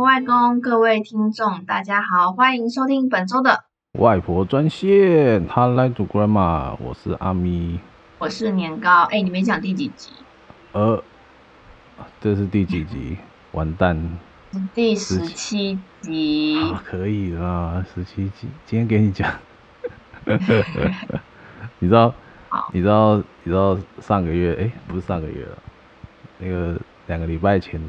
外公，各位聽眾，大家好，歡迎收聽本周的外婆專線。Hotline to Grandma，我是阿咪，我是年糕。哎，你沒講第幾集？呃，這是第幾集？完蛋，嗯、十第十七集。哦、可以啦，十七集，今天給你講。 你知道？你知道？你知道上個月？哎，不是上個月了，那個兩個禮拜前。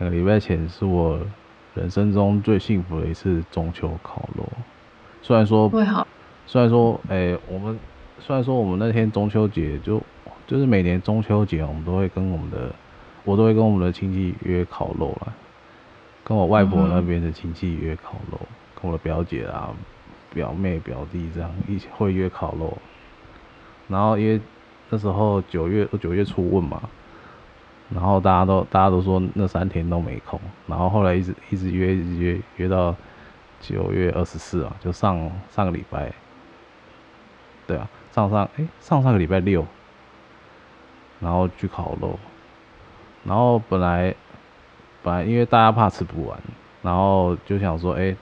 兩個禮拜前是我人生中最幸福的一次中秋烤肉。雖然說，好雖然說，哎、欸，我們雖然說我們那天中秋節就就是每年中秋節，我們都會跟我們的我都會跟我們的親戚約烤肉啊，跟我外婆那邊的親戚約烤肉，嗯，跟我的表姐啊，表妹、表弟這樣一起會約烤肉。然後因為那時候九月九月初問嘛。然後大家都大家都說那三天都沒空，然後後來一直一直約一直約約到九月二十四啊，就上上個禮拜，對啊，上上哎上上個禮拜六，然後去烤肉，然後本來本來因為大家怕吃不完，然後就想說哎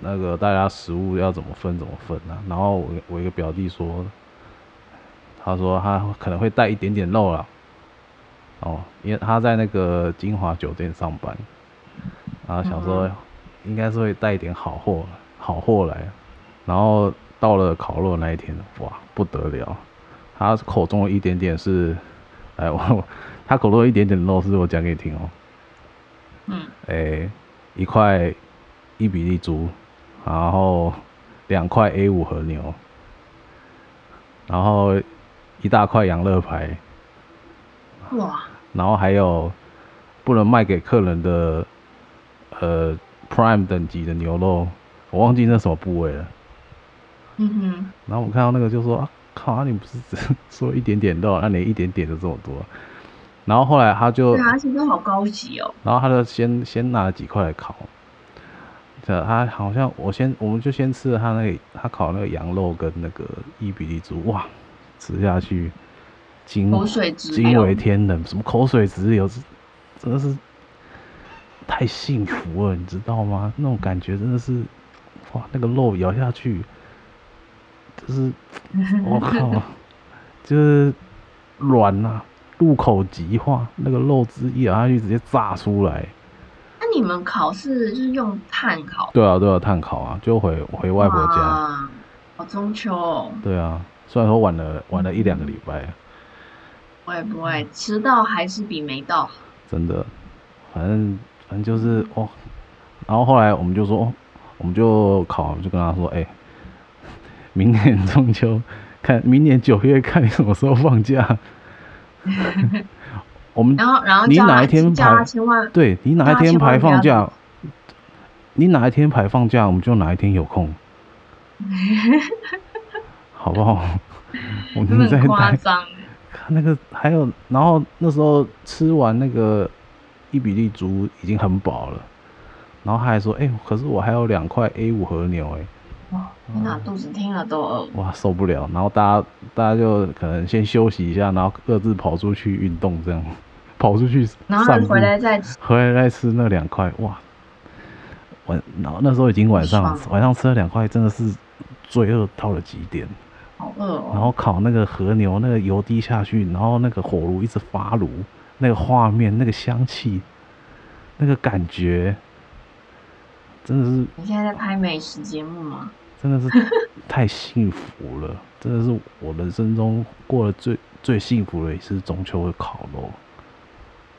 那個大家食物要怎麼分怎麼分啊，然後我我一個表弟說，他說他可能會帶一點點肉了。哦，因為他在那個晶華酒店上班，然後想說，應該是會帶一點好貨，好貨來。然後到了烤肉那一天，哇，不得了！他口中的一點點是，哎我，他口中有一點點肉，是我講給你聽哦。嗯。哎，一塊伊比利豬，然後兩塊 A5 和牛，然後一大塊羊肋排。哇！然後還有不能賣給客人的，呃，Prime 等級的牛肉，我忘記那什麼部位了。嗯哼。然後我看到那個就說：“啊，靠啊！你不是說一點點肉，那、啊、你一點點就這麼多。”然後後來他就對、啊，而且都好高級哦。然後他就先先拿了幾塊來烤。這他好像我先，我們就先吃了他那個，他烤那個羊肉跟那個伊比利豬，哇，吃下去。嗯口水，驚為天人，什麼口水直流，真的是太幸福了， 你知道嗎？那種感覺真的是，哇，那個肉咬下去，是 就是我靠，就是軟吶，入口即化，那個肉汁一咬下去直接炸出來。那你們烤是是用炭烤？對啊，對啊，炭烤啊，就回回外婆家。哦、啊，好中秋、哦。對啊，雖然說晚了晚了一兩個禮拜。不會不會遲到還是比沒到？真的，反正反正就是哦。然後後來我們就說，我們就考，就跟他說，哎、欸，明年中秋看明年九月看你什麼時候放假。 然後 我們然後然後你哪一天排？對，你哪一天排放假？你哪一天排放假？我們就哪一天有空？ 好不好？真的很誇張。那個還有，然後那時候吃完那個伊比利豬已經很飽了，然後他還說：“哎、欸，可是我還有兩塊 A 五和牛、欸，哎。”哇！那肚子聽了都餓。哇，受不了！然後大家大家就可能先休息一下，然後各自跑出去運動，這樣跑出去，然後回來再吃，回來再吃那兩塊。哇！我然後那時候已經晚上，晚上吃了兩塊，真的是罪惡到了極點。好餓哦！然後烤那個和牛，那個油滴下去，然後那個火爐一直發爐，那個畫面，那個香氣，那個感覺，真的是。你現在在拍美食節目嗎？真的是太幸福了， 真的是我的人生中過得最最幸福的，一次中秋的烤肉。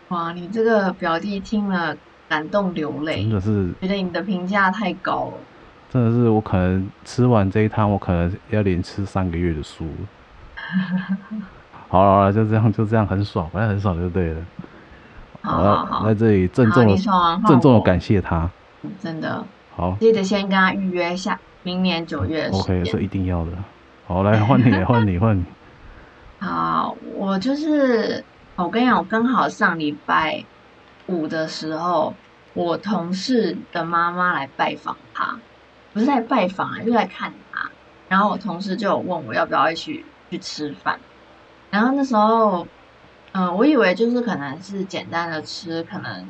哇，你這個表弟聽了感動流淚，真的是覺得你的評價太高了。真的是，我可能吃完這一趟，我可能要連吃三個月的素。 好了，就這樣，就這樣，很爽，反正很爽就對了。好了好好，在這裡鄭重鄭重的感謝他，真的好，記得先跟他預約下明年九月，嗯。OK，是一定要的。好，來換你，換 你，換你。好，我就是，我跟你講，我剛好上禮拜五的時候，我同事的媽媽來拜訪他。不是在拜訪啊，就在看他。然後我同事就有問我要不要一起去吃飯。然後那時候，嗯、呃，我以為就是可能是簡單的吃，可能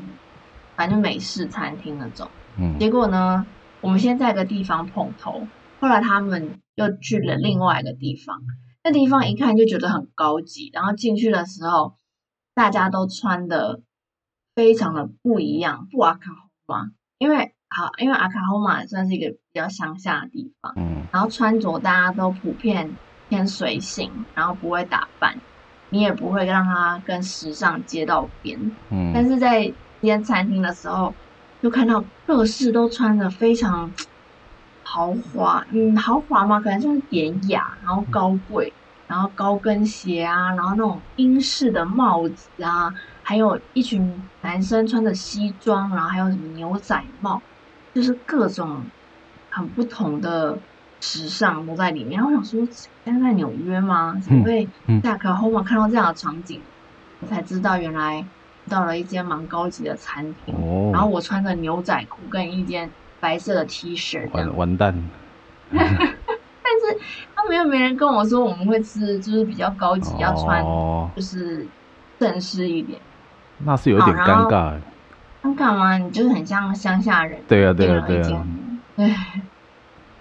反正美式餐廳那種。嗯。結果呢，我們先在一個地方碰頭，後來他們又去了另外一個地方。嗯、那地方一看就覺得很高級，然後進去的時候，大家都穿的非常的不一樣，哇靠，哇！因為好，因為阿卡霍馬算是一個比較鄉下的地方，嗯，然後穿着大家都普遍偏隨性，然後不會打扮，你也不會讓它跟時尚接到邊，嗯，但是在一間餐廳的時候，就看到各式都穿的非常豪華，嗯，豪華嘛可能就是典雅，然後高貴，然後高跟鞋啊，然後那種英式的帽子啊，還有一群男生穿着西裝，然後還有什麼牛仔帽。就是各種很不同的時尚都在裡面。我想說，現在在紐約嗎？才會下課後嘛看到這樣的場景，才知道原來到了一間蠻高級的餐廳。哦、然後我穿着牛仔褲跟一件白色的 T 恤，這完蛋。 但是他們又沒人跟我說我們會吃，就是比較高級，哦，要穿就是正式一點。那是有點尷尬。看嘛、啊？你就是很像鄉下人，對呀、啊、對呀、啊、對呀、啊啊。對，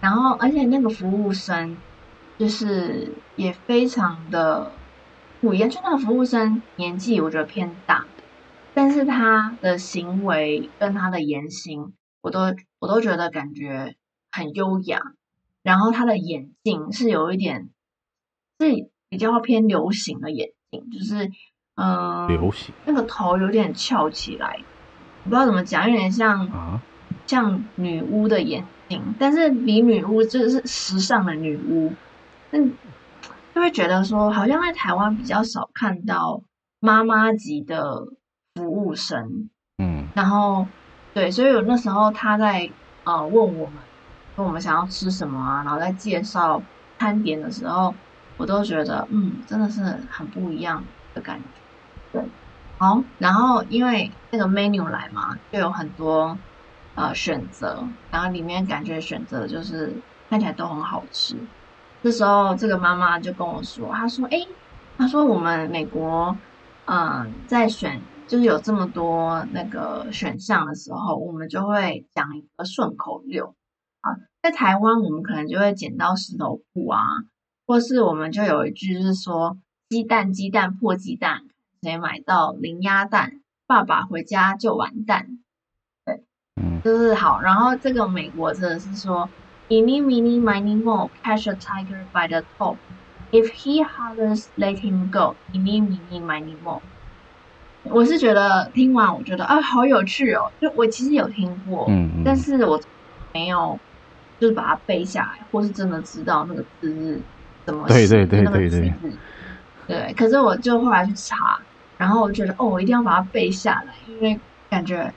然後而且那個服務生，就是也非常的，我研究那個服務生年紀，我覺得偏大，但是他的行為跟他的言行，我都我都覺得感覺很優雅。然後他的眼鏡是有一點，是比較偏流行的眼鏡，就是嗯、呃，流行，那個頭有點翹起來。我不知道怎麼講，有點像，像女巫的眼睛，但是比女巫就是時尚的女巫，嗯，就會覺得說好像在台灣比較少看到媽媽級的服務生，嗯，然後對，所以有那時候他在呃問我們，問我們想要吃什麼啊，然後在介紹餐點的時候，我都覺得嗯，真的是很不一樣的感覺，對。好、哦，然後因為那個 menu 來嘛，就有很多呃選擇，然後裡面感覺選擇就是看起來都很好吃。這時候這個媽媽就跟我說，她說：“誒，她說我們美國，嗯、呃，在選就是有這麼多那個選項的時候，我們就會講一個順口溜啊，在台灣我們可能就會剪刀石頭布啊，或是我們就有一句是說雞蛋雞蛋破雞蛋。”誰買到零鴨蛋，爸爸回家就完蛋。對，就是好。然後這個美國真的是說，"Mini Mini Mini Mo Catch a Tiger by the top If he hollers let him go." Mini Mini Mini Mo，我是覺得聽完，我覺得啊，好有趣哦。就我其實有聽過，嗯，嗯但是我沒有，就是把它背下來，或是真的知道那個字怎麼寫，對對對對，對對對對。對，可是我就後來去查。然後我覺得哦，我一定要把它背下來，因為感覺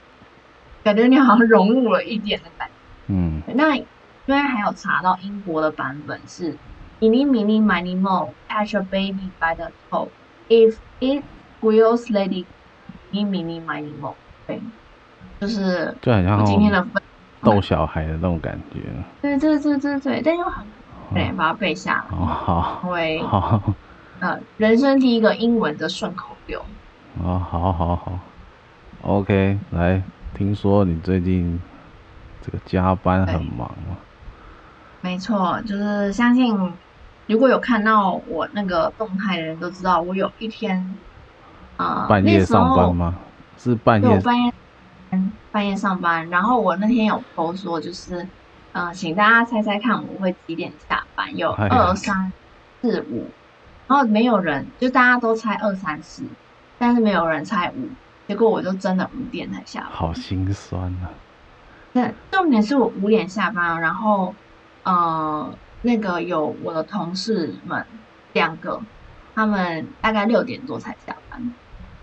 感覺你好像融入了一點的感覺。嗯，那因為還有查到英國的版本是，Eeny, meeny, miny, moe, catch a baby by the toe, if it wills lady, eeny, meeny, miny, moe 對，就、嗯、是、嗯嗯嗯嗯、就好像今天的逗小孩的那種感覺。對，對，對，對，對，對，但又很、嗯、對，把它背下來，對、嗯，對、嗯，呃人生第一個英文的順口溜。哦，好，好，好，好，OK。來，聽說你最近這個加班很忙嘛、啊？沒錯，就是相信如果有看到我那個動態的人都知道，我有一天啊、呃，半夜上班嗎？是半夜，半夜半夜上班。然後我那天有朋友說就是嗯、呃，請大家猜猜看我會幾點下班？有二、哎、三、四、五，然後沒有人，就大家都猜二、三、四。但是沒有人猜五，結果我就真的五點才下班，好心酸啊！那重點是我五點下班，然後呃，那個有我的同事們兩個，他們大概六點多才下班，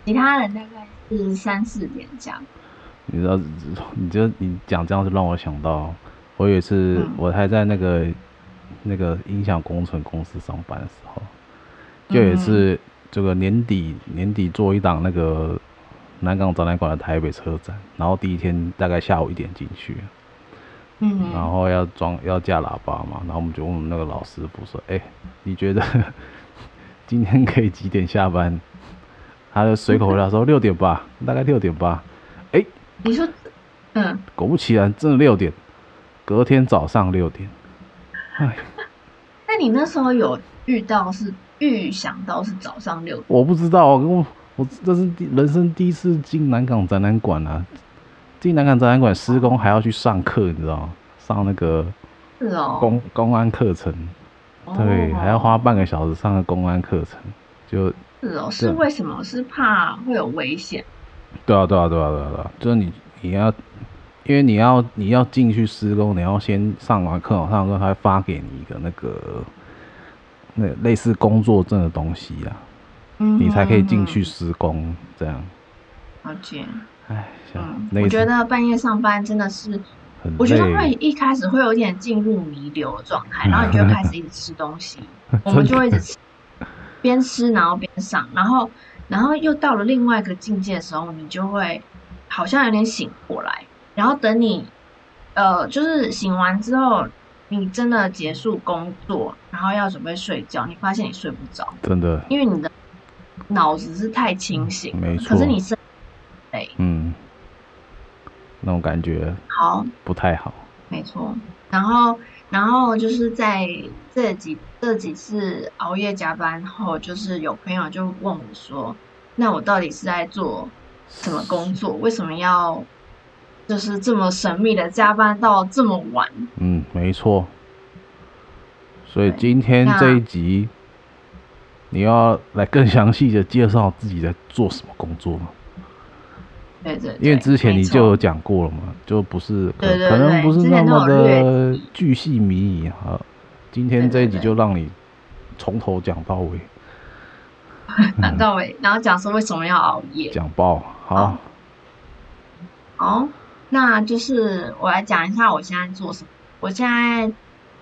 其他人大概是三四點這樣。你知道，你就你講這樣子讓我想到，我有一次我還在那個那個音響工程公司上班的時候，就也是。嗯這個年底年底，做一檔那個南港展覽館的台北車展，然後第一天大概下午一點進去，嗯，然後要裝要架喇叭嘛，然後我們就問那個老師傅說：“哎、欸，你覺得今天可以幾點下班？”他就隨口回答說：“六點吧，大概六點吧。欸”哎，你說，嗯，果不其然，真的六點，隔天早上六點，哎，那你那時候有遇到是？預想到是早上六點，我不知道，我我這是人生第一次進南港展覽館啊！進南港展覽館施工還要去上課，你知道嗎？上那個是哦，公公安課程，oh. 對，還要花半個小時上個公安課程，就，是哦，是為什麼？是怕會有危險？對啊，對啊，對啊，對啊，對啊，就是你你要，因為你要你要進去施工，你要先上完課，上完課他會發給你一個那個。類似工作證的東西呀、啊嗯嗯，你才可以進去施工這樣。好賤。哎，嗯，我覺得半夜上班真的是，我覺得會一開始會有點進入彌留的狀態，嗯，然後你就開始一直吃東西，嗯，我們就會一直吃，邊吃然後邊上，然後然後又到了另外一個境界的時候，你就會好像有點醒過來，然後等你呃就是醒完之後，你真的結束工作，然後要準備睡覺，你發現你睡不着，真的，因為你的腦子是太清醒、嗯。沒錯。可是你是，哎，嗯，那種感覺好不太好？好沒錯。然後，然後就是在這幾這幾次熬夜加班後，就是有朋友就問我說：“那我到底是在做什麼工作？為什麼要？”就是這麼神秘的加班到這麼晚。嗯，沒錯。所以今天這一集，你要來更詳細的介紹自己在做什麼工作嗎？對對，對，因為之前你就有講過了嘛，對對對，就不是，對對對，可能不是那麼的巨細靡遺，對對對，細靡遺、啊。今天這一集就讓你從頭講到尾。講 到尾，嗯、然後講說為什麼要熬夜。講爆，好。哦。那就是我來講一下我現在做什麼。我現在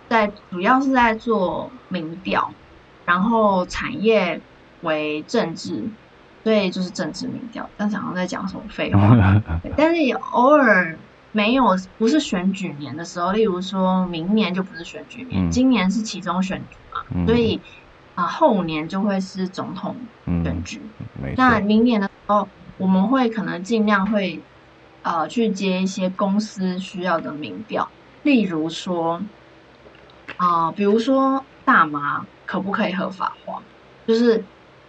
在主要是在做民調，然後產業為政治，對，就是政治民調。剛想要在講什麼廢話，但是也偶爾沒有不是選舉年的時候，例如說明年就不是選舉年，今年是期中選舉嘛，所以啊、呃、後年就會是總統選舉。那明年的時候，我們會可能盡量會。呃，去接一些公司需要的民調，例如說，啊、呃，比如說大麻可不可以合法化？就是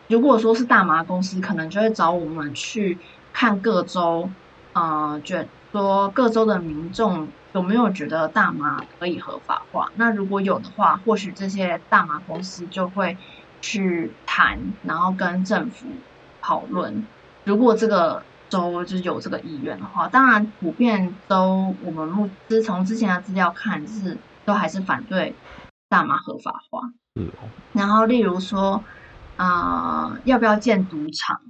如果說是大麻公司，可能就會找我們去看各州，呃，覺，說各州的民眾有沒有覺得大麻可以合法化？那如果有的話，或許這些大麻公司就會去談，然後跟政府討論，如果這個州就有這個意願的話，當然普遍都我們目，就是從之前的資料看，就是都還是反對大麻合法化。是哦、然後，例如說，啊、呃、要不要建賭場？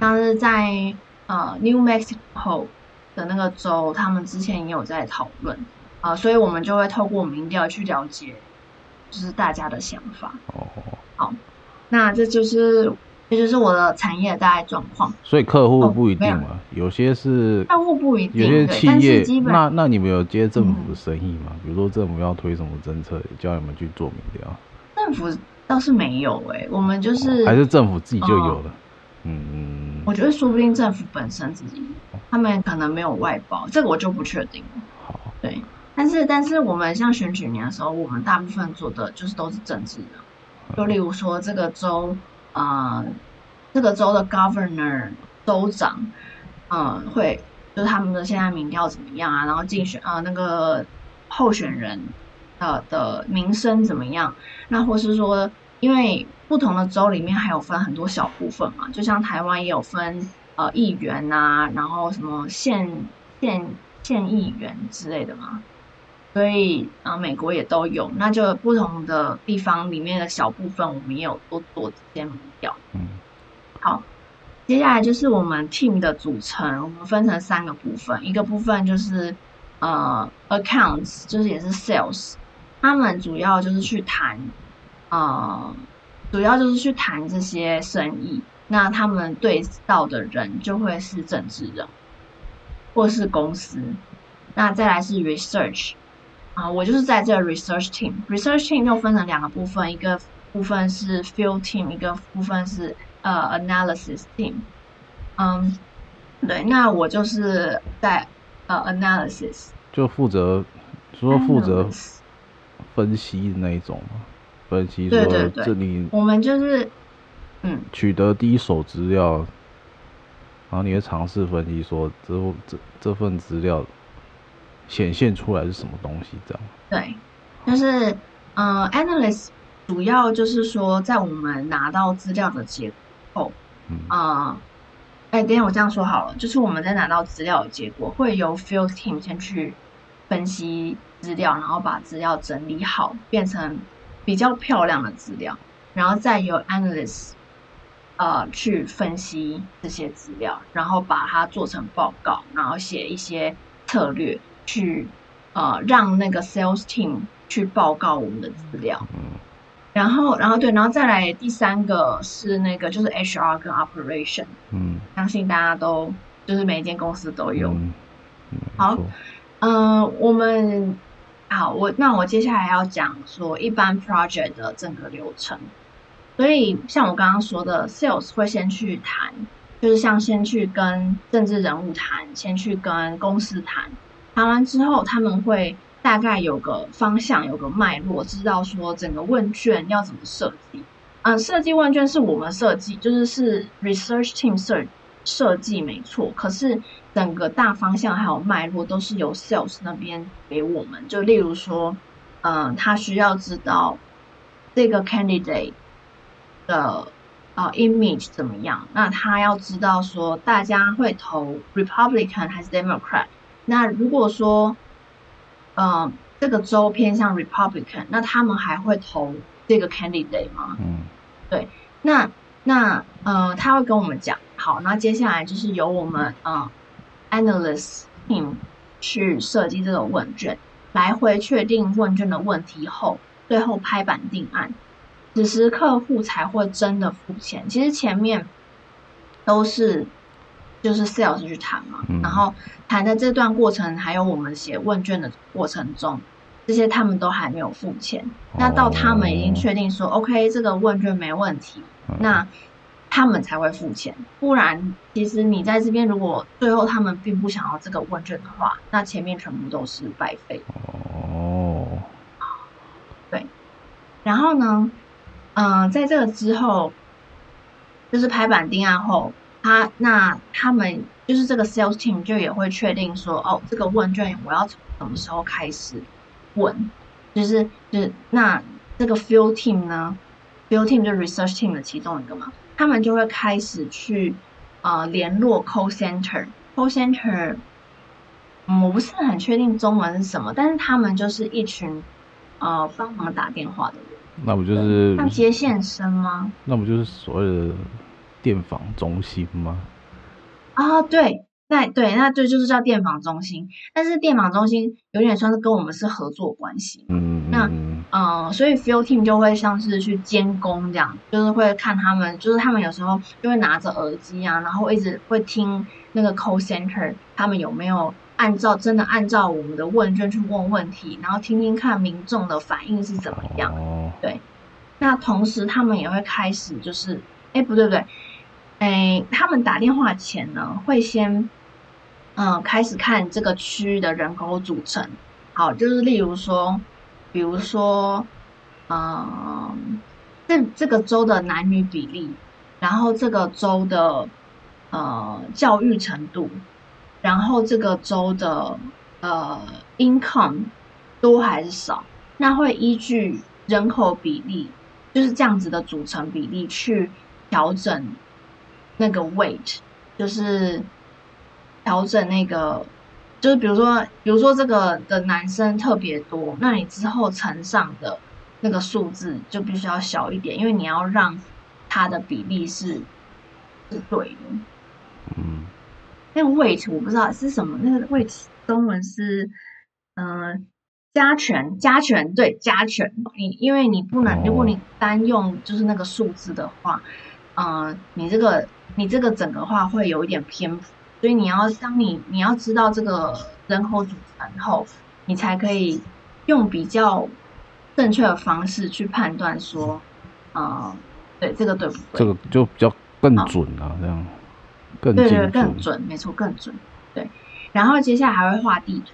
但是在呃 New Mexico 的那個州，他們之前也有在討論啊、呃，所以我們就會透過民調去了解，就是大家的想法。哦。好，那這就是。這就是我的產業大概狀況，所以客戶不一定嘛，哦、有，有些是客戶不一定，有些是企業。基本那，那你們有接政府的生意嗎、嗯？比如說政府要推什麼政策，叫你們去做民調？政府倒是沒有哎、欸，我們就是、哦、還是政府自己就有了。嗯、哦、嗯。我覺得說不定政府本身自己，哦、他們可能沒有外包，這個我就不確定了。好、哦。對，但是但是我們像選舉年的時候，我們大部分做的就是都是政治的、哦，就例如說這個州。啊、呃，這、那個州的 governor 州長，嗯、呃，會就是他們的現在民調怎麼樣啊？然後競選啊、呃，那個候選人，呃的名聲怎麼樣？那或是說，因為不同的州裡面還有分很多小部分嘛，就像台灣也有分呃議員吶、啊，然後什麼縣縣縣議員之類的嘛。所以，啊、呃、美國也都有，那就不同的地方裡面的小部分，我們也有多做這些民調。嗯，好，接下來就是我們 team 的組成，我們分成三個部分，一個部分就是，呃，accounts 就是也是 sales，他們主要就是去談，啊、呃，主要就是去談這些生意，那他們對到的人就會是政治人，或是公司，那再來是 research。啊、uh,，我就是在這 research team。research team 又 research team 分成兩個部分，一個部分是 field team，一個部分是呃、uh, analysis team。嗯，對，那我就是在呃、uh, analysis。就負責，說負責分析那一種，分析說對對對這裡。我們就是，嗯。取得第一手資料，嗯，然後你會嘗試分析說，這這這份資料。顯現出來是什麼東西？這樣。對，就是嗯，呃，analyst 主要就是說，在我們拿到資料的結果，嗯，哎，呃，欸，等下我這樣說好了，就是我們在拿到資料的結果，會由 field team 先去分析資料，然後把資料整理好，變成比較漂亮的資料，然後再由 analyst，呃，去分析這些資料，然後把它做成報告，然後寫一些策略。去，呃，讓那個 sales team 去報告我們的資料。嗯，然後，然後對，然後再來第三個是那個就是 HR 跟 operation。嗯，相信大家都就是每一間公司都有。嗯、好，嗯、呃，我們好，我那我接下來要講說一般 project 的整個流程。所以像我剛剛說的、嗯，sales 會先去談，就是像先去跟政治人物談，先去跟公司談。談完之後，他們會大概有個方向，有個脈絡，知道說整個問卷要怎麼設計。嗯、呃，設計問卷是我們設計，就是是 research team 設設計沒錯。可是整個大方向還有脈絡都是由 sales 那邊給我們。就例如說，嗯、呃，他需要知道這個 candidate 的，啊、呃 image 怎麼樣。那他要知道說，大家會投 Republican 還是 Democrat。那如果說，呃，這個州偏向 Republican，那他們還會投這個 candidate 嗎？嗯，對。那那呃，他會跟我們講，好，那接下來就是由我們呃，Analyst team 去設計這個問卷，來回確定問卷的問題後，最後拍板定案。此時客戶才會真的付錢。其實前面都是。就是四小時去談嘛、嗯，然後談的這段過程，還有我們寫問卷的過程中，這些他們都還沒有付錢。那到他們已經確定說、哦、“OK，這個問卷沒問題、嗯”，那他們才會付錢。不然，其實你在這邊，如果最後他們並不想要這個問卷的話，那前面全部都是白費。哦，對。然後呢，嗯、呃，在這個之後，就是拍板定案後。他那他們就是這個 sales team 就也會確定說，哦，這個問卷我要從什麼時候開始問，就是、就是那這個 field team 呢？field team 就 research team 的其中一個嘛，他們就會開始去呃聯絡 call center，call center，call center、嗯、我不是很確定中文是什麼，但是他們就是一群呃幫忙打電話的人。那不就是他們接線生嗎？那不就是所有的。電訪中心嗎？啊、哦，對，那對，那這就是叫電訪中心。但是電訪中心有點算是跟我們是合作關係。嗯，那嗯、呃，所以 Field Team 就會像是去監工這樣，就是會看他們，就是他們有時候就會拿着耳機啊，然後一直會聽那個 Call Center 他們有沒有按照真的按照我們的問卷去問問題，然後聽聽看民眾的反應是怎麼樣。哦、對，那同時他們也會開始就是，哎，不對不對。誒、欸，他們打電話前呢，會先嗯、呃、開始看這個區域的人口組成。好，就是例如說，比如說，嗯、呃，這這個州的男女比例，然後這個州的呃教育程度，然後這個州的呃 income 多還是少，那會依據人口比例，就是這樣子的組成比例去調整。那個 weight 就是調整那個，就是比如說，比如說這個的男生特別多，那你之後乘上的那個數字就必須要小一點，因為你要讓他的比例是是對的。嗯，那個 weight 我不知道是什麼，那個 weight 中文是嗯加權，加權對加權。你因為你不能、哦，如果你單用就是那個數字的話，嗯、呃，你這個。你這個整個的話會有一點偏頗，所以你要當你你要知道這個人口組成後，你才可以用比較正確的方式去判斷說，啊、呃，對這個對不對？這個就比較更準了，啊，這樣更對，對對更準，沒錯更準。對，然後接下來還會畫地圖，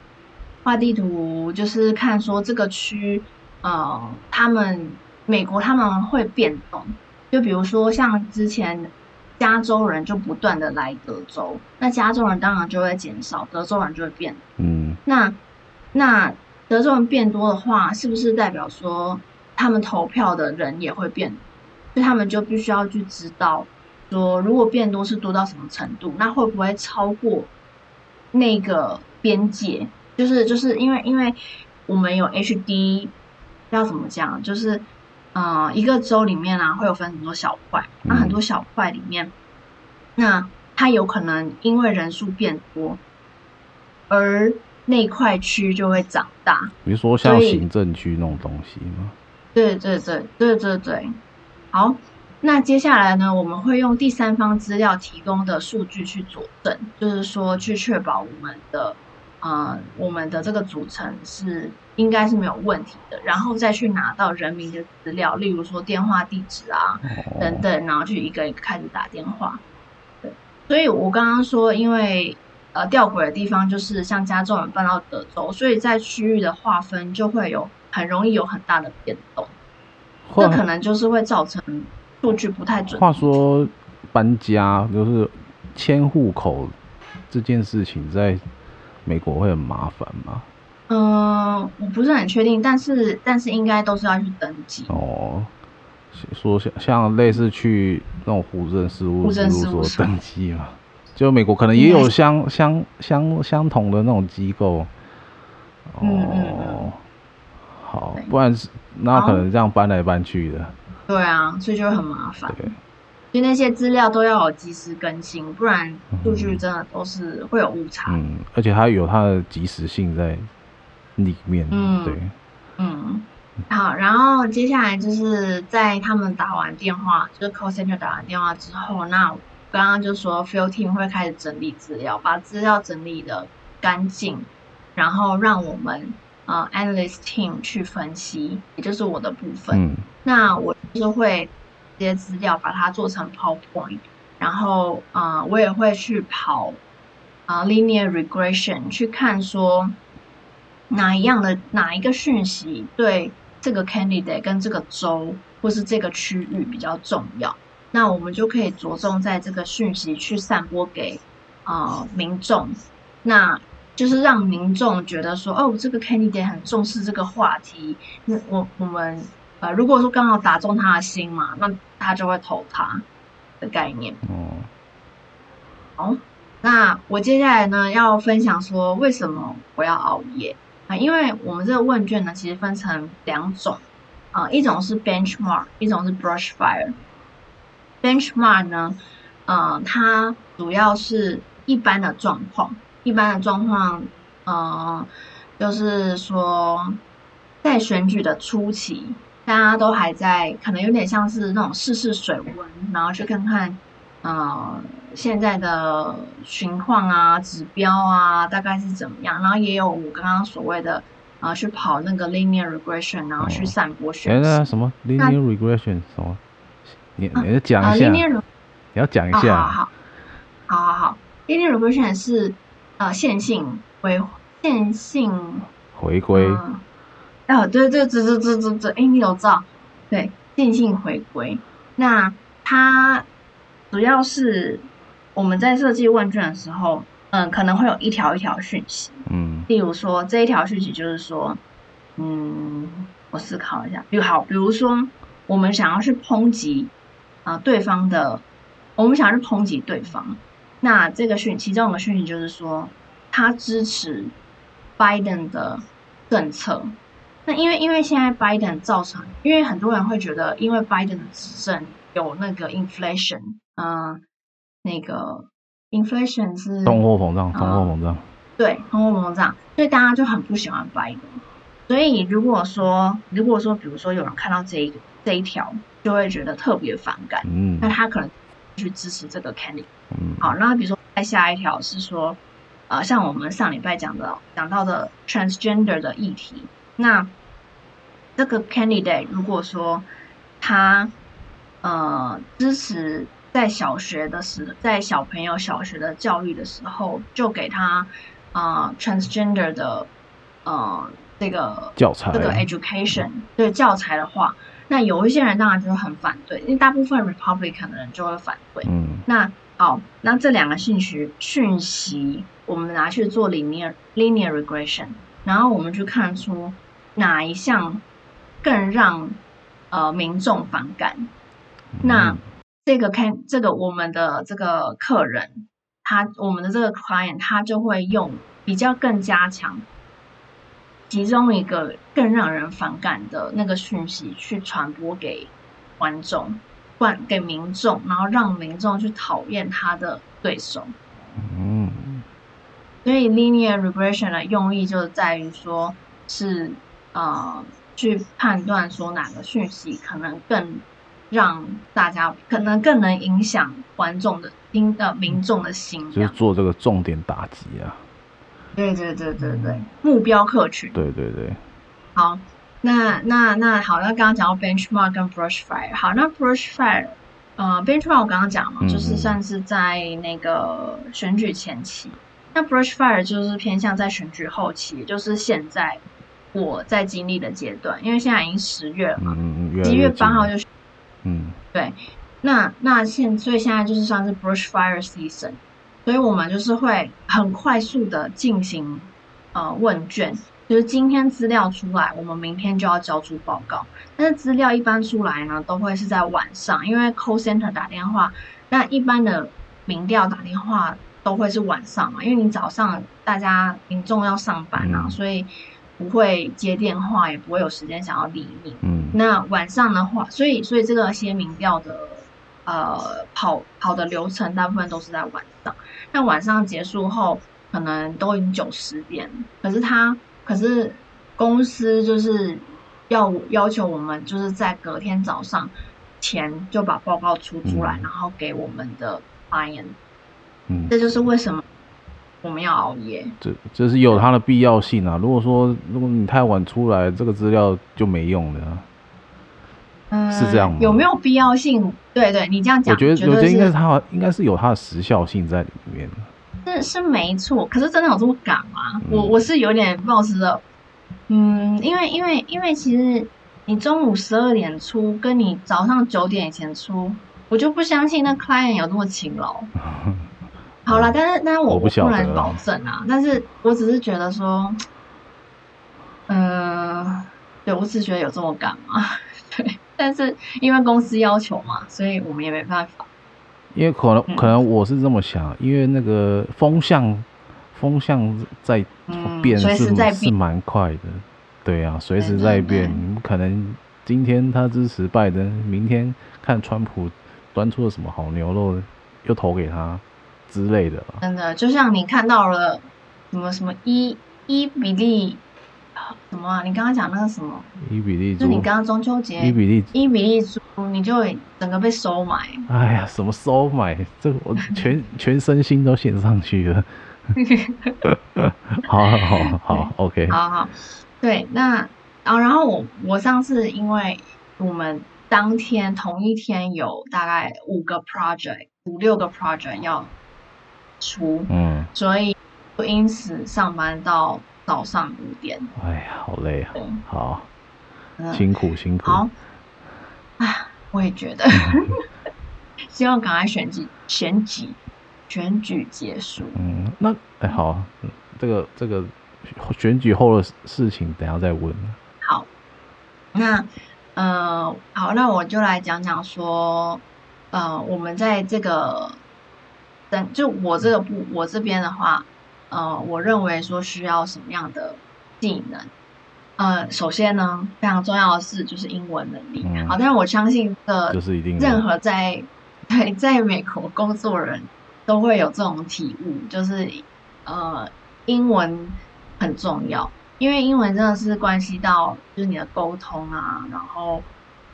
畫地圖就是看說這個區，呃，他們美國他們會變動，就比如說像之前。加州人就不斷的來德州，那加州人當然就會減少，德州人就會變。嗯，那那德州人變多的話，是不是代表說他們投票的人也會變？所以他們就必須要去知道，說如果變多是多到什麼程度，那會不會超過那個邊界？就是就是因為因為我們有 HD，要怎麼講？就是。嗯、呃，一個州裡面啊，會有分很多小塊，那、啊、很多小塊裡面、嗯，那它有可能因為人數變多，而那塊區就會長大。比如說像行政區那種東西嗎？對對對，對對對對，好，那接下來呢，我們會用第三方資料提供的數據去佐證，就是說去確保我們的。呃，我們的這個組成是應該是沒有問題的，然後再去拿到人民的資料，例如說電話、地址啊、哦、等等，然後去一個一個開始打電話。對，所以我剛剛說，因為呃，調軌的地方就是像加州人搬到德州，所以在區域的劃分就會有很容易有很大的變動，那可能就是會造成數據不太準。話說搬家就是遷戶口這件事情在。美國會很麻煩嗎？嗯、呃，我不是很確定，但是但是應該都是要去登記哦。說像類似去那種戶政事，事務所登記嘛，就美國可能也有相、嗯、相相相同的那種機構。哦，嗯嗯嗯、好，不然那可能這樣搬來搬去的。對啊，所以就會很麻煩。對所以那些資料都要有及時更新，不然數據真的都是會有誤差。嗯，而且它有它的及時性在裡面。嗯，對，嗯，好。然後接下來就是在他們打完電話，就是 call center 打完電話之後，那剛剛就說 field team 會開始整理資料，把資料整理的乾淨，然後讓我們呃 analyst team 去分析，也就是我的部分。嗯，那我就會。這些資料把它做成 PowerPoint，然後啊、呃、我也會去跑啊、呃、Linear Regression 去看說哪一樣的哪一個訊息對這個 Candidate 跟這個州或是這個區域比較重要，那我們就可以着重在這個訊息去散播給啊、呃、民眾，那就是讓民眾覺得說哦，這個 Candidate 很重視這個話題，那我我們呃如果說剛好打中他的心嘛，那他就會投他的概念。哦，哦，那我接下來呢，要分享說為什麼我要熬夜啊？因為我們這個問卷呢，其實分成兩種，啊，一種是 benchmark，一種是 brushfire。benchmark 呢，呃，嗯，它主要是一般的狀況，一般的狀況，嗯，就是說在選舉的初期。大家都還在，可能有點像是那種試試水溫，然後去看看，呃，現在的情況啊、指標啊，大概是怎麼樣。然後也有我剛剛所謂的，呃，去跑那個 linear regression，然後去散播學習。哦欸、那什麼 linear regression？什麼？你、啊、你要講一下。啊啊、linear，你要講一下。哦、好好好，好，linear regression 是呃線性回線性、呃、迴歸。啊，對對，對，這這這這這，哎，你有照，對，線性迴歸。那它主要是我們在設計問卷的時候，嗯、呃，可能會有一條一條訊息。嗯。例如說，這一條訊息就是說，嗯，我思考一下。好，比如說我們想要去抨擊啊、呃，對方的，我們想要去抨擊對方。那這個訊，其中一個訊息就是說，他支持拜登的政策。那因為因為現在拜登造成，因為很多人會覺得，因為拜登的執政有那個 inflation，嗯、呃，那個 inflation 是通貨膨脹，通貨膨脹、呃，對，通貨膨脹，所以大家就很不喜歡拜登。所以如果說，如果說，比如說有人看到這一這一條，就會覺得特別反感，嗯，那他可能會去支持這個 Candy、嗯。好，那比如說再下一條是說，呃，像我們上禮拜講的講到的 transgender 的議題，那。這個 candidate，如果說他呃支持在小學的時候，在小朋友小學的教育的時候，就給他呃 transgender 的呃這個教材，這個 education、嗯、對教材的話，那有一些人當然就會很反對，因為大部分 Republican 的人就會反對。嗯，那好，那這兩個興趣訊息，我們拿去做 linear linear regression，然後我們就看出哪一項。更讓呃民眾反感，那、嗯、這個看這個我們的這個客人，他我們的這個 client，他就會用比較更加強，其中一個更讓人反感的那個訊息去傳播給觀眾，灌給民眾，然後讓民眾去討厭他的對手。嗯，所以 linear regression 的用意就在於說是呃。去判斷說哪個訊息可能更讓大家，可能更能影響觀眾的民眾的心、嗯，就是做這個重點打擊啊！對對對對對、嗯，目標客群。對對對，好，那那那好，那剛剛講到 benchmark 跟 brush fire，好，那 brush fire 呃 benchmark 我剛剛講嘛嗯嗯，就是算是在那個選舉前期，那 brush fire 就是偏向在選舉後期，就是現在，我在經歷的階段，因為現在已經十月了嘛，十、嗯嗯、月八號就是，嗯，對，那那現所以現在就是算是 brush fire season，所以我們就是會很快速的進行呃問卷，就是今天資料出來，我們明天就要交出報告。但是資料一般出來呢，都會是在晚上，因為 call center 打電話，那一般的民調打電話都會是晚上嘛，因為你早上大家民眾要上班啊，嗯、所以。不會接電話，也不會有時間想要理你。嗯，那晚上的話，所以所以這個些民調的，呃，跑跑的流程大部分都是在晚上。那晚上結束後，可能都已經九十點。可是他，可是公司就是要要求我們，就是在隔天早上前就把報告出出來，嗯，然後給我們的發言。嗯，這就是為什麼。我們要熬夜，這這是有它的必要性啊！如果說如果你太晚出來，這個資料就沒用了，嗯，是這樣嗎？有沒有必要性？對對，你這樣講，我覺得我覺得，我覺得應該是它應該是有它的時效性在裡面，是是沒錯。可是真的有這麼趕嗎？啊嗯？我我是有點不好意思的，嗯，因為因為因為其實你中午十二點出，跟你早上九點以前出，我就不相信那 client 有那麼勤勞。 嗯、好啦了，但是但是我不能保證啊。但是我只是覺得說，嗯、呃，對，我只是覺得有這麼感嘛。對，但是因為公司要求嘛，所以我們也沒辦法。因為可能、嗯、可能我是這麼想，因為那個風向風向在變是、嗯、是蠻快的，對啊，隨時在變。對對對，你們可能今天他支持拜登，明天看川普端出了什麼好牛肉，又投給他。之類的、啊，真的就像你看到了什麼什麼伊、伊比利，什麼、啊？你剛剛講那個什麼伊比利，就你剛剛中秋節伊比利伊比利豬，你就整個被收買。哎呀，什麼收買？這個、我全 全身心都獻上去了。 好，好，好，好，好，OK，好好。對，那啊，然後我我上次因為我們當天同一天有大概五個 project，五六個 project 要。出。嗯，所以因此上班到早上五點，哎呀，好累啊！好辛苦、嗯、辛苦。好啊，我也覺得。嗯、呵呵，希望趕快選舉選幾選舉結束。嗯，那哎好，這個這個選舉後的事情等下再問。好，那呃，好，那我就來講講說，呃，我們在這個。但就我這個部，我這邊的話，呃，我認為說需要什麼樣的技能，呃，首先呢，非常重要的是就是英文能力，好、嗯，但是我相信的，就是一定任何在對在美國工作人都會有這種體悟，就是呃，英文很重要，因為英文真的是關係到就是你的溝通啊，然後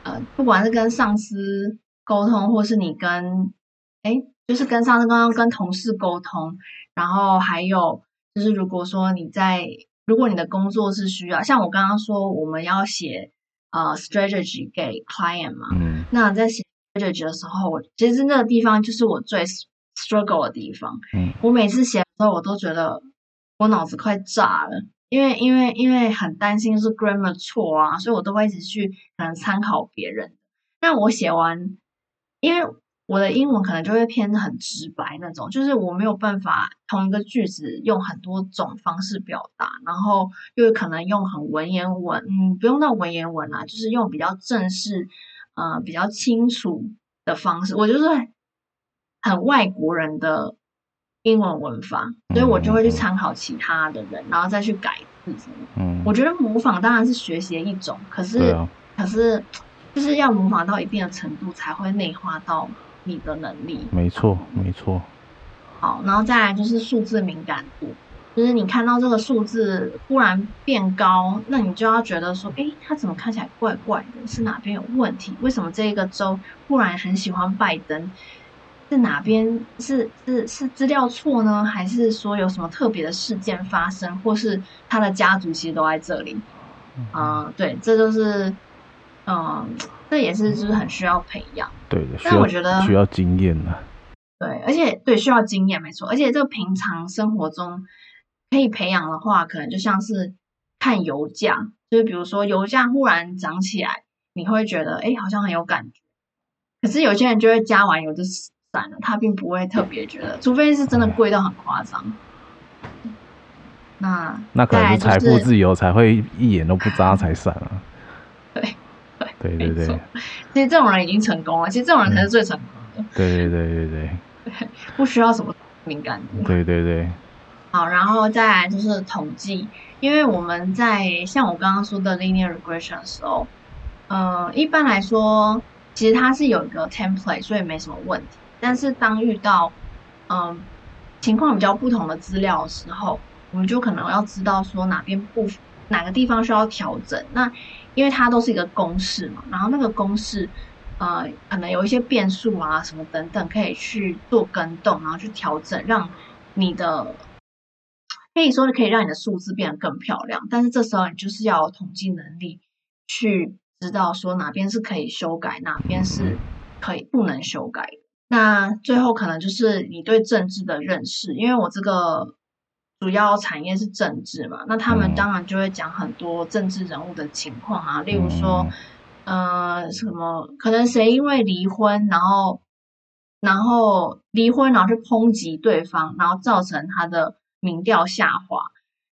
呃，不管是跟上司溝通，或是你跟哎。欸就是跟上次剛剛跟同事溝通，然後還有就是，如果說你在，如果你的工作是需要，像我剛剛說，我們要寫呃 strategy 給 client 嘛，嗯、mm.，那在寫 strategy 的時候我，其實那個地方就是我最 struggle 的地方，mm. 我每次寫的時候，我都覺得我腦子快炸了，因為因為因為很擔心是 grammar 錯啊，所以我都會一直去可能參考別人的。但我寫完，因為。我的英文可能就會偏很直白那種，就是我沒有辦法同一個句子用很多種方式表達，然後又可能用很文言文，嗯，不用到文言文啦，啊，就是用比較正式、嗯、呃、比較清楚的方式，我就是很，很外國人的英文文法，所以我就會去參考其他的人，然後再去改自己。嗯，我覺得模仿當然是學習的一種，可是，啊、可是就是要模仿到一定的程度才會內化到。你的能力沒錯，沒錯、嗯。好，然後再來就是數字敏感度，就是你看到這個數字忽然變高，那你就要覺得說，哎、欸，它怎麼看起來怪怪的？是哪邊有問題？為什麼這一個州忽然很喜歡拜登？是哪邊是是是資料錯呢？還是說有什麼特別的事件發生，或是他的家族其實都在這裡？啊、嗯呃，對，這就是，嗯、呃。這也是就是很需要培養，對的，所以，我覺得需要，需要經驗的。對，而且對需要經驗沒錯，而且這個平常生活中可以培養的話，可能就像是看油價，就是比如說油價忽然漲起來，你會覺得哎、欸、好像很有感覺。可是有些人就會加完油就散了，他並不會特別覺得，除非是真的貴到很誇張、嗯。那那可能是財富自由才會一眼都不眨才散啊。嗯沒錯，對對對，其實這種人已經成功了，其實這種人才是最成功的。對對對對，對 不需要什麼敏感的對，對對對。好，然後再來就是統計，因為我們在像我剛剛說的 linear regression 的時候，嗯、呃，一般來說，其實它是有一個 template，所以沒什麼問題。但是當遇到嗯、呃、情況比較不同的資料的時候，我們就可能要知道說哪邊不，哪個地方需要調整。那因為它都是一個公式嘛，然後那個公式，呃，可能有一些變數啊什麼等等，可以去做更動，然後去調整，讓你的，可以說是可以讓你的數字變得更漂亮。但是這時候你就是要有統計能力，去知道說哪邊是可以修改，哪邊是可以不能修改。那最後可能就是你對政治的認識，因為我這個。主要產業是政治嘛，那他們當然就會講很多政治人物的情況啊、嗯，例如說，嗯、呃，什麼可能誰因為離婚，然後然後離婚，然後去抨擊對方，然後造成他的民調下滑。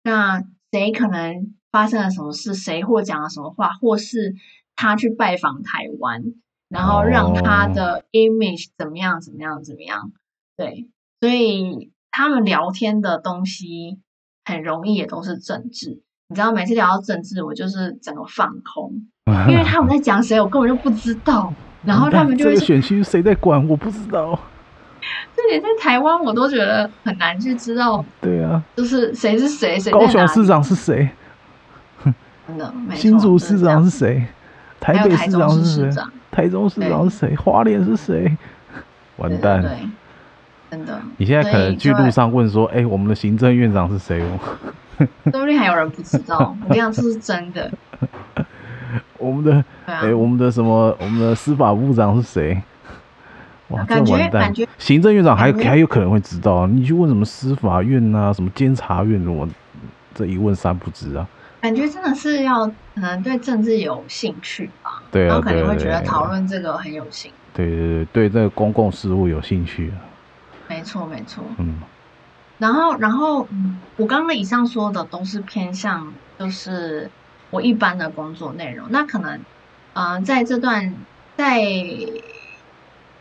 那誰可能發生了什麼事？誰或講了什麼話，或是他去拜訪台灣，然後讓他的 image 怎麼樣？怎麼樣？怎麼樣？對，所以。他們聊天的東西很容易也都是政治，你知道每次聊到政治，我就是整個放空， 因為他們在講誰，我根本就不知道。然後他們就會選區誰在管，我不知道。就連在台灣，我都覺得很難去知道是誰是誰。對啊，就是誰是誰，高雄市長是誰？誰是誰 真的，新竹市長是誰？台北市長是誰？台中市長是誰？花蓮是誰？完蛋。對對真的，你現在可能去路上問說：“哎、欸，我們的行政院長是誰？”哦，說不定還有人不知道，這樣，這是真的。 我們的哎、啊欸，我們的什麼，我們的司法部長是誰？哇，感覺真完蛋感覺，感覺行政院長還還有可能會知道、啊，你去問什麼司法院啊，什麼監察院，我這一問三不知啊。感覺真的是要可能對政治有興趣吧？對啊，對啊對啊對啊對啊，可能會覺得討論這個很有興。對對，對對對，對這個公共事務有興趣、啊。沒錯，沒錯。嗯，然後，然後，我剛剛以上說的都是偏向，就是我一般的工作內容。那可能，嗯、呃，在這段在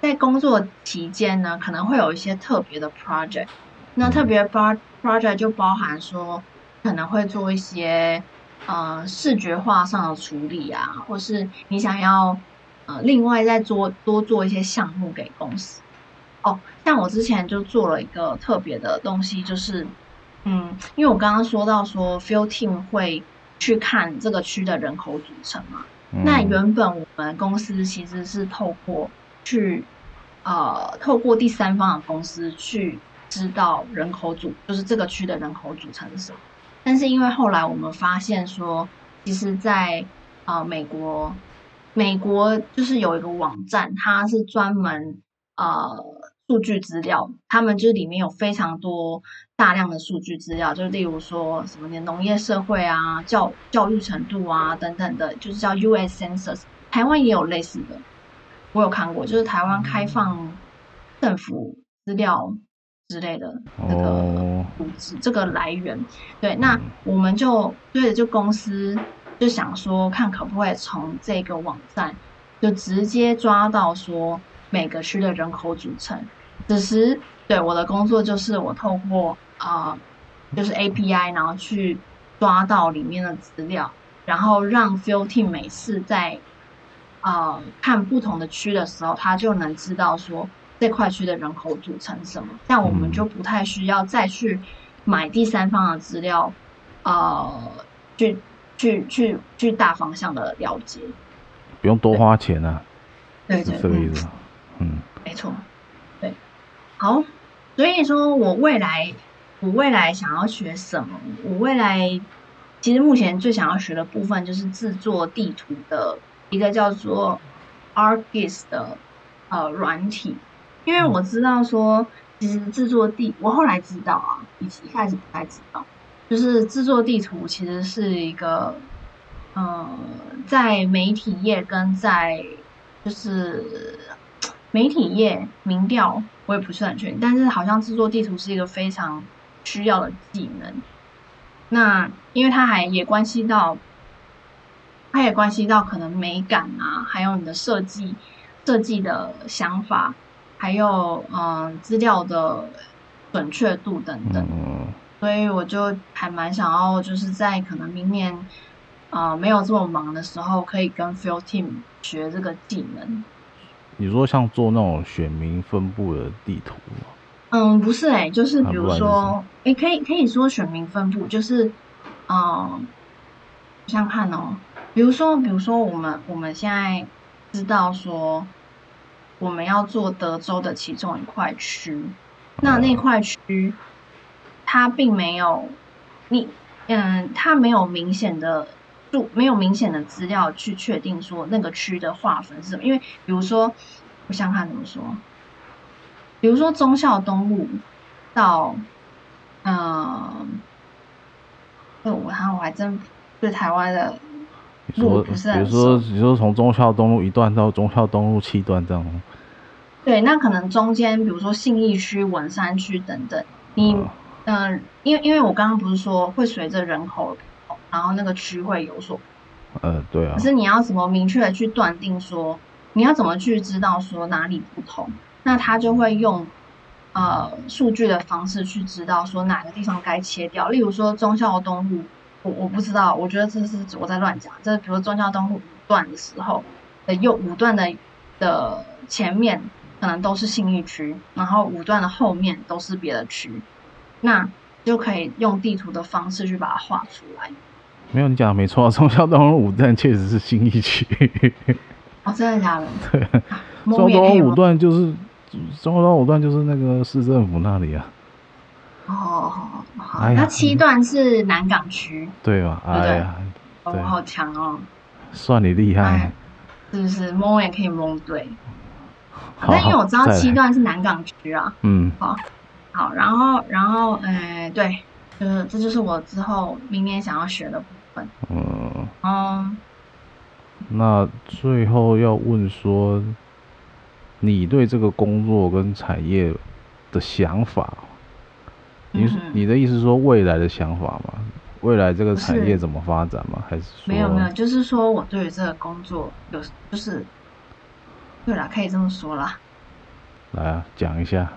在工作期間呢，可能會有一些特別的 project。那特別 pro project 就包含說，可能會做一些呃視覺化上的處理啊，或是你想要呃另外再做多做一些項目給公司。哦，像我之前就做了一個特別的東西，就是，嗯，因為我剛剛說到說 Field Team 會去看這個區的人口組成嘛、嗯，那原本我們公司其實是透過去，呃，透過第三方的公司去知道人口組，就是這個區的人口組成是什麼，但是因為後來我們發現說，其實在啊、呃，美國，美國就是有一個網站，它是專門呃。數據資料，他們就是裡面有非常多大量的數據資料，就例如說什麼的農業社會啊、教教育程度啊等等的，就是叫 U.S. Census，台灣也有類似的，我有看過，就是台灣開放政府資料之類的那個組織這個來源。對，嗯、那我們就對，就公司就想說，看可不可以從這個網站就直接抓到說每個區的人口組成。此時，對，我的工作就是我透過啊、呃，就是 API，然後去抓到裡面的資料，然後讓 Field Team 每次在啊、呃、看不同的區的時候，他就能知道說，這塊區的人口組成什麼。這樣我們就不太需要再去買第三方的資料，呃，去去去去大方向的了解，不用多花錢啊，對對，對，對，對，這個意思，嗯，沒錯。好，所以說，我未來，我未來想要學什麼？我未來其實目前最想要學的部分就是製作地圖的一個叫做 ArcGIS 的呃軟體，因為我知道說，其實製作地，我後來知道啊，一一開始不太知道，就是製作地圖其實是一個呃，在媒體業跟在就是。媒體業，民調我也不是很確定，但是好像制作地圖是一個非常需要的技能。那因為它還也關係到，它也關係到可能美感啊，還有你的設計設計的想法，還有嗯、呃、資料的準確度等等。嗯、所以我就還蠻想要，就是在可能明年啊、呃、沒有這麼忙的時候，可以跟 Field Team 學這個技能。你說像做那種選民分布的地圖嗎？嗯，不是誒、欸、就是比如說，哎，可以可以說選民分布，就是嗯，我想看哦，比如說，比如說，我們我們現在知道說，我們要做德州的其中一塊區，嗯、那那塊區，它並沒有，你嗯，它沒有明顯的。就沒有明顯的資料去確定說那個區的劃分是什麼，因為比如說，我想看怎麼說，比如說忠孝東路到，嗯，對，我我還真對台灣的路不是很熟。比如說，比如說從忠孝東路一段到忠孝東路七段這樣。對，那可能中間比如說信義區、文山區等等，你嗯、呃，因為因為我剛剛不是說會隨着人口。然後那個區會有所，呃，對啊。可是你要怎麼明確的去斷定說，你要怎麼去知道說哪裡不同？那他就會用呃數據的方式去知道說哪個地方該切掉。例如說忠孝東路，我我不知道，我覺得這是我在亂講。這比如忠孝東路五段的時候，呃，又五段的的前面可能都是信義區，然後五段的後面都是別的區，那就可以用地圖的方式去把它畫出來。沒有，你講的沒錯、啊，忠孝東路五段確實是信義區哦，真的假的？對，忠、啊、孝五段就是忠孝東五段就是那個市政府那裡啊。哦，哦哦哦好，那、哎、七段是南港區。嗯、對啊，哎呀對對對，哦，好強哦！算你厲害，哎、是不是？蒙也可以蒙對。啊、但那因為我知道七段是南港區啊。嗯。好。好，然後，然後，哎、呃，對，就是這就是我之後明年想要學的。嗯，嗯。嗯，那最後要問說，你對這個工作跟產業的想法，你、嗯、你的意思說未來的想法嗎？未來這個產業怎麼發展嗎？是還是說沒有沒有，就是說我對於這個工作有就是，對了，可以這麼說啦。來啊，講一下。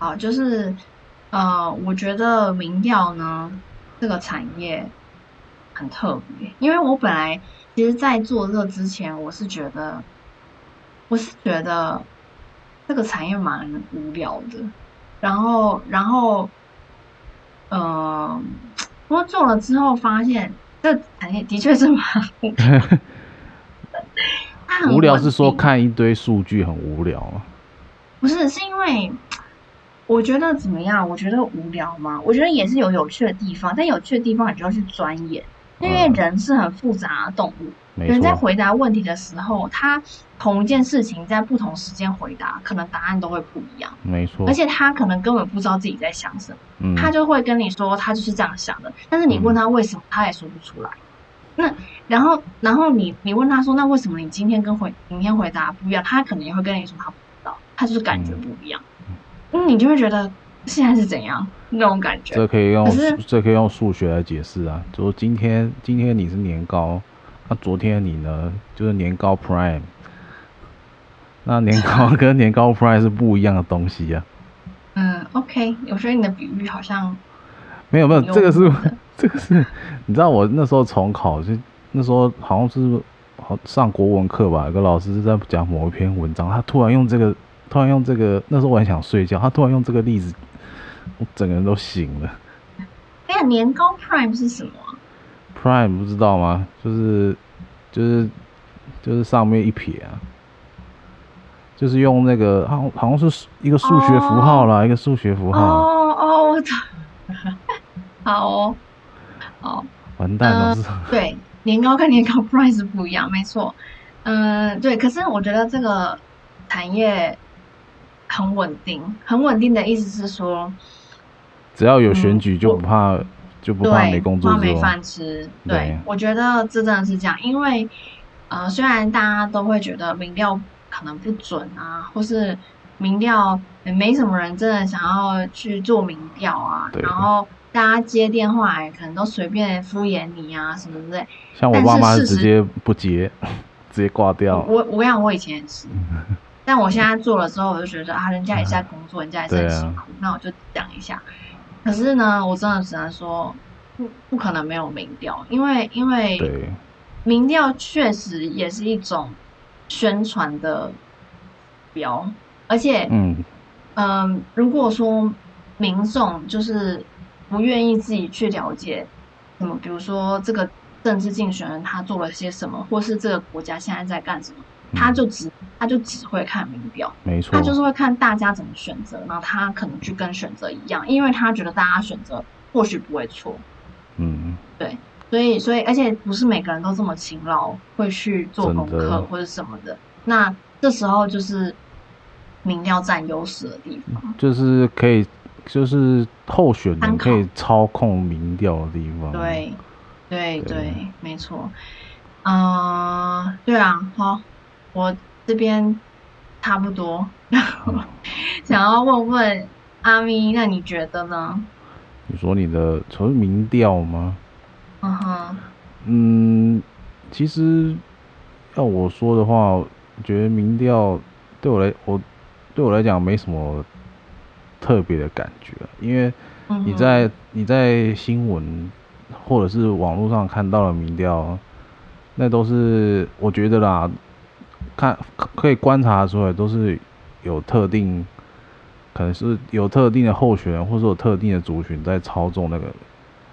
好，就是呃，我覺得民調呢這個產業。很特別，因為我本來其實，在做這之前，我是覺得，我是覺得這個產業蠻無聊的。然後，然後，嗯、呃，不過做了之後發現，這個、產業的確是蠻…… 無聊，是說看一堆數據很無聊啊，不是，是因為我覺得怎麼樣？我覺得無聊嗎？我覺得也是有有趣的地方，但有趣的地方，你就要去鑽研。因為人是很複雜的動物，人在回答問題的時候，他同一件事情在不同時間回答，可能答案都會不一樣。沒錯，而且他可能根本不知道自己在想什麼，嗯、他就會跟你說他就是這樣想的。但是你問他為什麼，嗯、他也說不出來。那然後，然後你你問他說那為什麼你今天跟回明天回答不一樣？他可能也會跟你說他不知道，他就是感覺不一樣。嗯，嗯，你就會覺得。現在是怎樣？那種感覺。這可以用可這可以用數學來解釋啊！就是今天今天你是年糕，那、啊、昨天你呢就是年糕 Prime。那年糕跟年糕 Prime 是不一樣的東西呀、啊。嗯，OK。有時候你的比喻好像沒有沒有，沒有，這個是這個是你知道我那時候重考就那時候好像是好上國文課吧，有個老師是在講某一篇文章，他突然用這個突然用這個，那時候我還想睡覺，他突然用這個例子。我整個人都醒了。哎呀，年糕 Prime 是什麼？Prime 不知道嗎？就是，就是，就是上面一撇啊，就是用那個好好像是一個數學符號啦，oh. 一個數學符號。哦、oh. oh. 哦，我操！好，好，完蛋了、呃是。對，年糕跟年糕 Prime 不一樣，沒錯。嗯，對。可是我覺得這個產業很穩定，很穩定的意思是說。只要有選舉就不怕，嗯、就不怕，就不怕沒工作。不怕沒飯吃對。對，我覺得這真的是這樣，因為呃，雖然大家都會覺得民調可能不準啊，或是民調也沒什麼人真的想要去做民調啊對，然後大家接電話也可能都隨便敷衍你啊什麼之類。像我爸媽直接不接，直接掛掉。我我想我以前也是， 但我現在做了之後，我就覺得啊，人家也在工作，嗯，人家也在工作啊，人家也在辛苦，那我就等一下。可是呢，我真的只能說，不不可能沒有民調，因為因為，民調確實也是一種宣傳的標，而且，嗯嗯、呃，如果說民眾就是不願意自己去了解，什、嗯、麼，比如說這個政治競選人他做了些什麼，或是這個國家現在在幹什麼。嗯、他就只他就只會看民調，沒錯，他就是會看大家怎麼選擇，然後他可能去跟選擇一樣，因為他覺得大家選擇或許不會錯。嗯，對，所以所以而且不是每個人都這麼勤勞，會去做功課或者什麼的，的。那這時候就是民調佔優勢的地方，就是可以就是候選人可以操控民調的地方。對，對對，對，對，沒錯。嗯、呃，對啊，好、哦。我這邊差不多，想要問問阿咪，那你覺得呢？你說你的純民調嗎？嗯哼，嗯，其實要我說的話，我覺得民調對我來，我對我來講沒什麼特別的感覺，因為你在、Uh-huh. 你在新聞或者是網絡上看到了民調，那都是我覺得啦。看，可以觀察出來，都是有特定，可能是有特定的候選人，或者說有特定的族群在操縱那個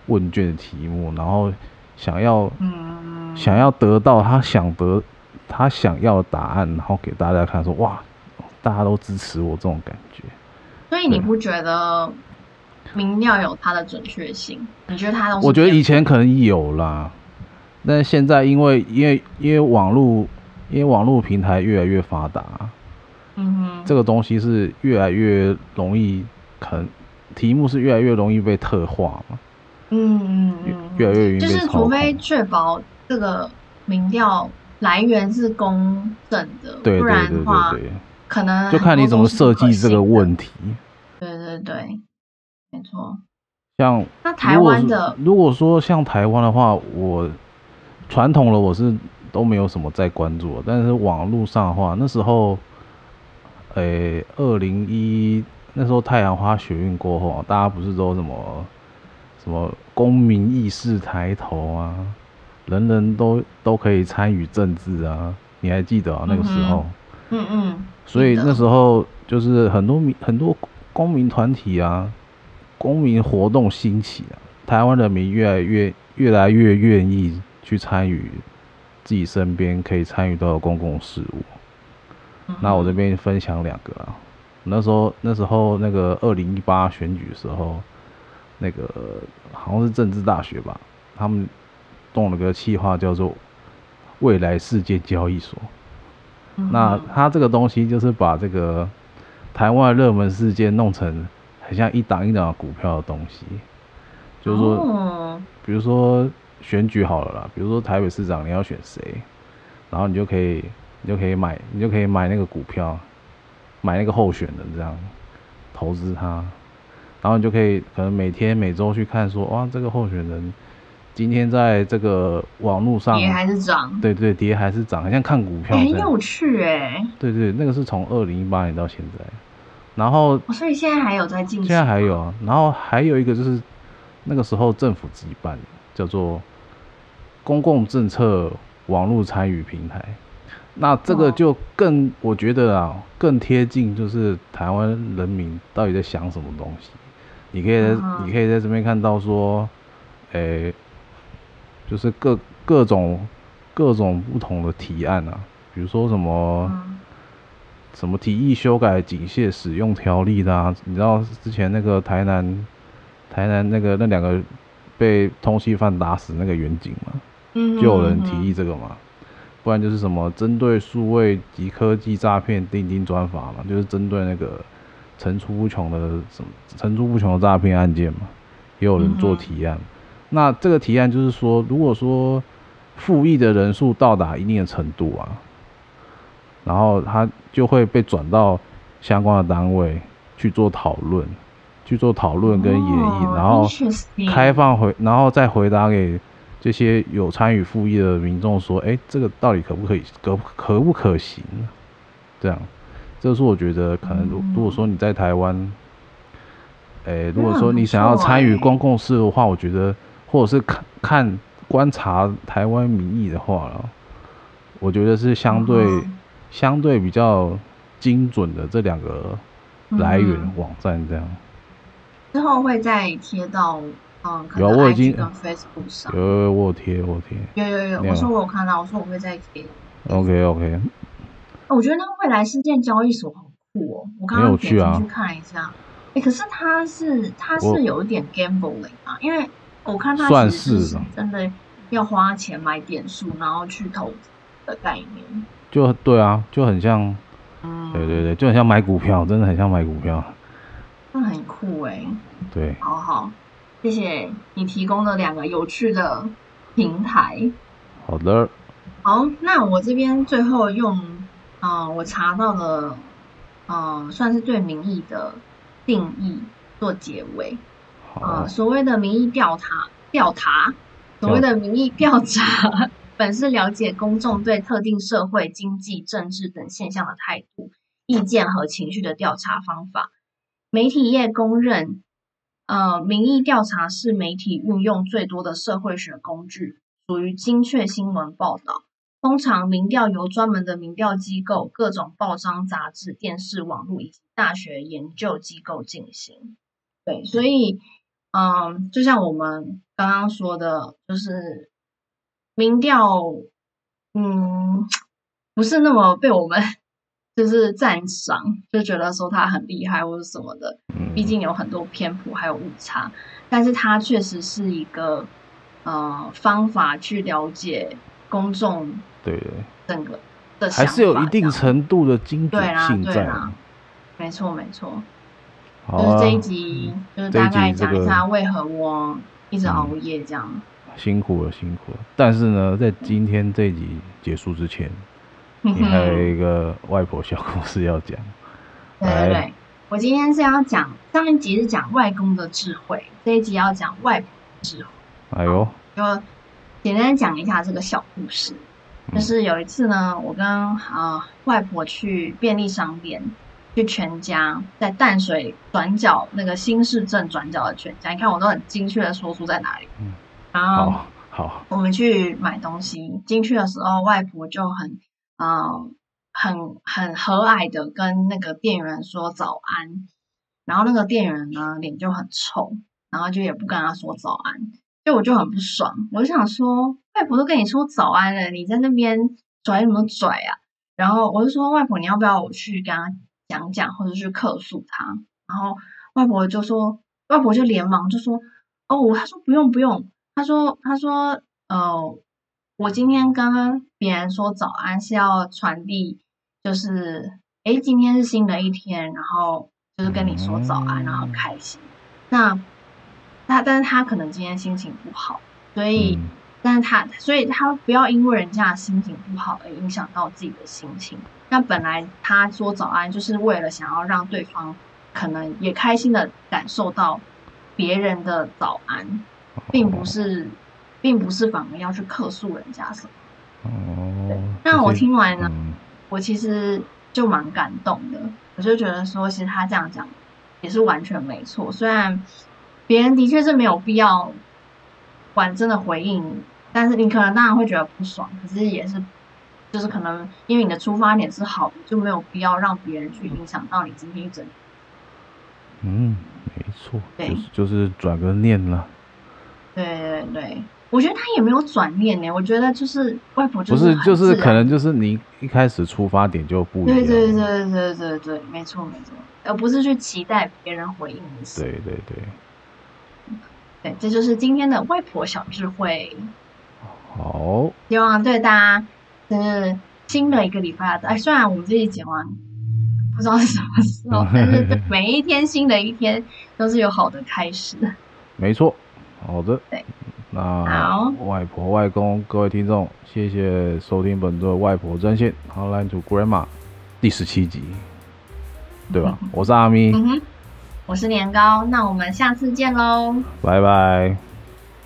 問卷的題目，然後想要，嗯、想要得到他想得他想要的答案，然後給大家看說哇，大家都支持我這種感覺。所以你不覺得民調有它的準確性？你覺得它都？我覺得以前可能有啦，但是現在因為因為因為網絡。因為網絡平台越來越發達，嗯，這個東西是越來越容易可能，題目是越來越容易被特化。嗯嗯，嗯越、越來越容易，就是除非確保這個民調來源是公正的。對對對對對對，不然的話，對對對對，可能可就看你怎麼設計這個問題。對對對，沒錯。像那台灣的如、如果說像台灣的話，我傳統的我是。都沒有什麼在關注，但是網絡上的話，那時候，誒、欸，二零一那時候太陽花學運過後、啊，大家不是說什麼什麼公民意識抬頭啊，人人都都可以參與政治啊，你還記得啊？那個時候，嗯嗯，嗯，所以那時候就是很多民很多公民團體啊，公民活動興起，啊，台灣人民越來越越來越願意去參與。自己身邊可以參與到的公共事務，嗯、那我這邊分享兩個、啊。那時候，那時候那個二零一八選舉的時候，那個好像是政治大學吧，他們動了個企劃叫做“未來世界交易所”嗯。那他這個東西就是把這個台灣熱門事件弄成很像一檔一檔的股票的東西，就是說，哦、比如說。選舉好了啦，比如說台北市長你要選誰，然後你就可以你就可以買你就可以買那個股票，買那個候選人這樣投資他，然後你就可以可能每天每周去看說哇這個候選人今天在這個網絡上跌還是漲？對，對對，跌還是漲，很像看股票樣，欸、很有趣哎，欸。對，對對，那個是從二零一八年到現在，然後所以現在還有在進行。現在還有、啊，然後還有一個就是那個時候政府自己辦的叫做，公共政策網絡參與平台，那這個就更我覺得啊，Wow. 更貼近就是台灣人民到底在想什麼東西。你可以在，uh -huh. 你可以在這邊看到說，誒、欸，就是各各種各種不同的提案啊，比如說什麼、uh -huh. 什麼提議修改警械使用條例的啊，你知道之前那個台南台南那個那兩個被通緝犯打死那個員警嗎？就有人提議這個嘛，不然就是什麼針對數位及科技詐騙訂定專法嘛，就是針對那個層出不窮的什麼層出不窮的詐騙案件嘛，也有人做提案、嗯。那這個提案就是說，如果說附議的人數到達一定的程度啊，然後他就會被轉到相關的單位去做討論，去做討論跟研議、哦，然後開放回，然後再回答給。這些有參與附議的民眾說：“哎，這個到底可不可以，可可不可行？這樣，這是我覺得可能。如如果說你在台灣，哎、嗯，如果說你想要參與公共事的話，欸、我覺得，或者是看看觀察台灣民意的話，我覺得是相對、嗯、相對比較精準的這兩個來源、嗯、網站。這樣，之後會再貼到。”嗯，有我已經。有，有我貼我貼有貼有有，有，貼有，貼有，有，有，我說我有看到，我說我會再貼。OK OK。我覺得那個未來事件交易所很酷哦、喔！我剛剛有去啊。去看一下，哎、啊欸，可是它是它是有一點 gambling 啊，因為我看他算是真的要花錢買點數，然後去投資的概念。就對啊，就很像、嗯，對對對，就很像買股票，真的很像買股票。那很酷哎、欸。對，好好。謝謝你提供了兩個有趣的平台。好的。好，那我這邊最後用，嗯、呃，我查到了，嗯、呃，算是對民意的定義做結尾。啊、呃，所謂的民意調查，調查所謂的民意調查，本是了解公眾對特定社會、經濟、政治等現象的態度、意見和情緒的調查方法。媒體業公認。呃，民意調查是媒體運用最多的社會學工具，屬於精確新聞報道。通常，民調由專門的民調機構、各種報章、雜誌、電視、網絡以及大學研究機構進行。對，所以，嗯、呃，就像我們剛剛說的，就是民調，嗯，不是那麼被我們。就是贊賞，就覺得說他很厲害或者什麼的。畢、嗯、竟有很多篇幅還有誤差，但是他確實是一個呃方法去了解公眾對整個的想法這對，還是有一定程度的精準性在。沒錯，沒錯，好啊。就是這一集，嗯、就是大概講一下為何我一直熬夜這樣，嗯。辛苦了，辛苦了。但是呢，在今天這一集結束之前，你還有一個外婆小故事要講， 對對對、啊？我今天是要講上一集是講外公的智慧，這一集要講外婆的智慧。哎呦，就簡單講一下這個小故事，嗯，就是有一次呢，我跟啊、呃、外婆去便利商店，去全家，在淡水轉角那個新市鎮轉角的全家，你看我都很精確的說出在哪裡。嗯，然後好，好，我們去買東西，進去的時候外婆就很。嗯、呃，很很和藹的跟那個店員說早安，然後那個店員呢臉就很臭，然後就也不跟他說早安，就我就很不爽，我就想說外婆都跟你說早安了，你在那邊拽什麼拽啊？然後我就說外婆，你要不要我去跟他講講，或者去客訴他？然後外婆就說外婆就連忙就說哦，她說不用不用，他說他說呃我今天剛剛。別人說早安是要傳遞，就是誒，今天是新的一天，然後就是跟你說早安，嗯、然後開心。那他，但是他可能今天心情不好，所以、嗯，但是他，所以他不要因為人家心情不好而影響到自己的心情。那本來他說早安就是為了想要讓對方可能也開心的感受到別人的早安，並不是，並不是反而要去客訴人家什麼。哦，對，那我聽完呢，其嗯、我其實就蠻感動的。我就覺得說，其實他這樣講也是完全沒錯。雖然別人的確是沒有必要完整的回應你，但是你可能當然會覺得不爽，可是也是，就是可能因為你的出發點是好的，就沒有必要讓別人去影響到你今天一整天。嗯，沒錯，就是就是轉個念了。對對對，對。我覺得他也沒有轉念呢。我覺得就是外婆就是，不是，就是可能就是你一開始出發點就不一樣。對對對對對對，沒錯沒錯，而不是去期待別人回應你。對對對，對，這就是今天的外婆小智慧。好，希望對大家是、嗯、新的一個禮拜。哎，雖然我們這一集完不知道是什麼時候， 但是每一天新的一天都是有好的開始。沒錯，好的。對。那外婆好、外公，各位聽眾，謝謝收聽本集《外婆真心 h o l a i n e to Grandma） 第十七集，對吧？我是阿咪、 嗯，我是年糕，那我們下次見嘍，拜拜，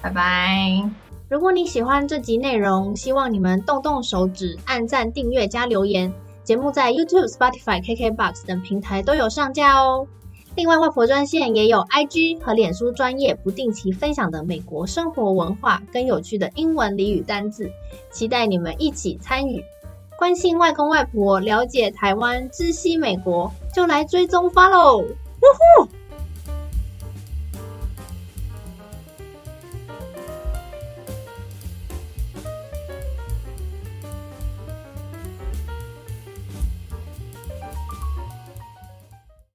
拜拜。如果你喜歡這集內容，希望你們動動手指，按讚、訂閱、加留言。節目在 YouTube、Spotify、KKBox 等平台都有上架哦。另外，外婆專線也有 IG 和臉書專頁不定期分享的美國生活文化跟有趣的英文俚語單字，期待你們一起參與。關心外公外婆，了解台灣，知悉美國，就來追蹤 follow。嗚呼！